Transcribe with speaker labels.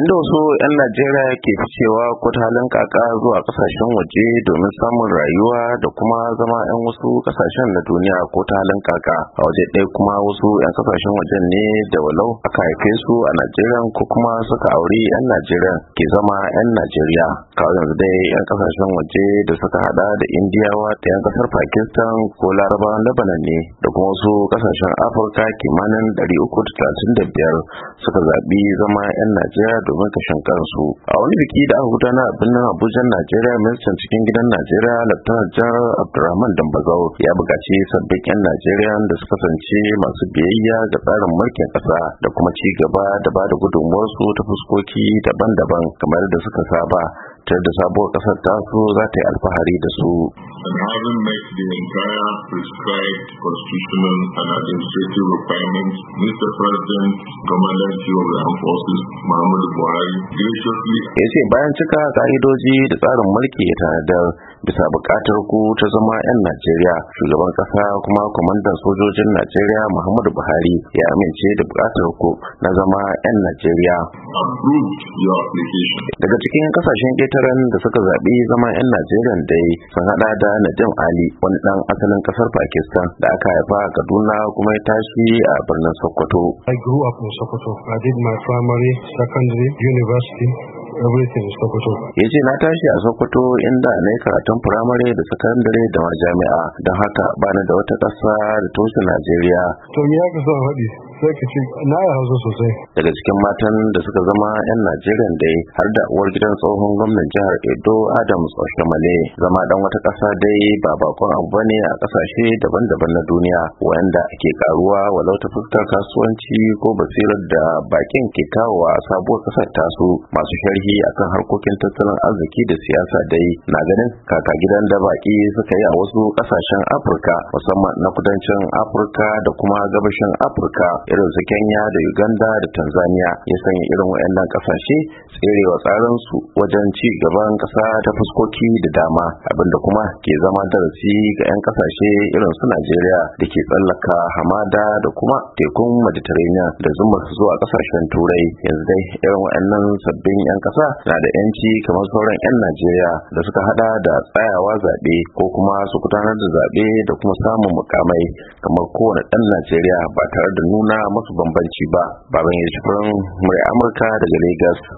Speaker 1: inda wasu 'yan najeriya ke ficewa ko ta halin kaka zuwa kasashen waje domin samun rayuwa da kuma zama 'yan wasu kasashen na duniya ko ta halin kaka a waje ɗaya kuma wasu 'yan kasashen wajen ne da walau aka haife su a najeriya ko kuma suka auri 'yan najeriya ke zama 'yan najeriya kawai yanzu dai 'yan kasashen waje da suka hada da indiyawa da 'yan kasar pakistan ko larabawan lebanon ne da kuma wasu kasashen afirka kimanin biyar suka zaɓi zama 'yan najeriya domin kashin kansu a wani biki da aka gudanar a birnin abuja najeriya ministan cikin gidan najeriya laftanar jihar abdurrahman dambazau ya buƙaci sabbin 'yan najeriya da su kasance masu biyayya ga tsarin mulkin ƙasa da kuma cigaba da ba da gudunmuwarsu ta fuskoki daban-daban kamar da suka saba ta da sabuwar kasar ta so za ta yi alfahari da su and having met the entire prescribed constitutional and administrative requirements, Mr. President, Commander in of the Armed Forces, Muhammadu Buhari, graciously. Ya ce bayan cika ka'idoji da tsarin mulki ya tanadar bisa buƙatar ku ta zama 'yan Najeriya shugaban ƙasa kuma kwamandan sojojin Najeriya Muhammadu Buhari ya amince da buƙatar ku na zama 'yan Najeriya. Daga cikin kasashen ƙetaren da suka zaɓi zama 'yan Najeriya dai sun haɗa da Najim Ali wani ɗan asalin ƙasar Pakistan da aka haifa a Kaduna kuma ya tashi a birnin Sokoto. I grew up in Sokoto. I did my primary, secondary, university, everything Sokoto. Ya ce na tashi a Sokoto inda na yi karatun firamare da sakandare da majami'a don haka bani da wata ƙasa da ta Najeriya. To me ya ka sa faɗi? sai ka ce na yi hausa sosai daga cikin matan da suka zama yan najeriya dai har da uwar gidan tsohon gwamnan jihar edo adams oshamale zama dan wata kasa dai ba bakon abu bane a kasashe daban-daban na duniya wanda ke karuwa walau ta fuskar kasuwanci ko basirar da bakin ke a sabuwar kasar tasu masu sharhi akan harkokin tattalin arziki da siyasa dai na ganin kaka gidan da baki suka yi a wasu kasashen afirka musamman na kudancin afirka da kuma gabashin afirka irin su kenya da uganda da tanzania ya sanya irin kasashe tsirewa tserewa su wajen ci gaban ƙasa ta fuskoki da dama abinda kuma ke zama darasi ga 'yan ƙasashe irin su najeriya da ke tsallaka hamada da kuma tekun mediterranean da zuma su zuwa ƙasashen turai yanzu dai irin wayannan sabbin 'yan ƙasa na da 'yanci kamar sauran 'yan najeriya da suka hada da tsayawa zaɓe ko kuma su gudanar da zaɓe da kuma samun mukamai kamar kowane ɗan najeriya ba tare da nuna nuna musu bambanci ba babban ya shi amurka daga lagos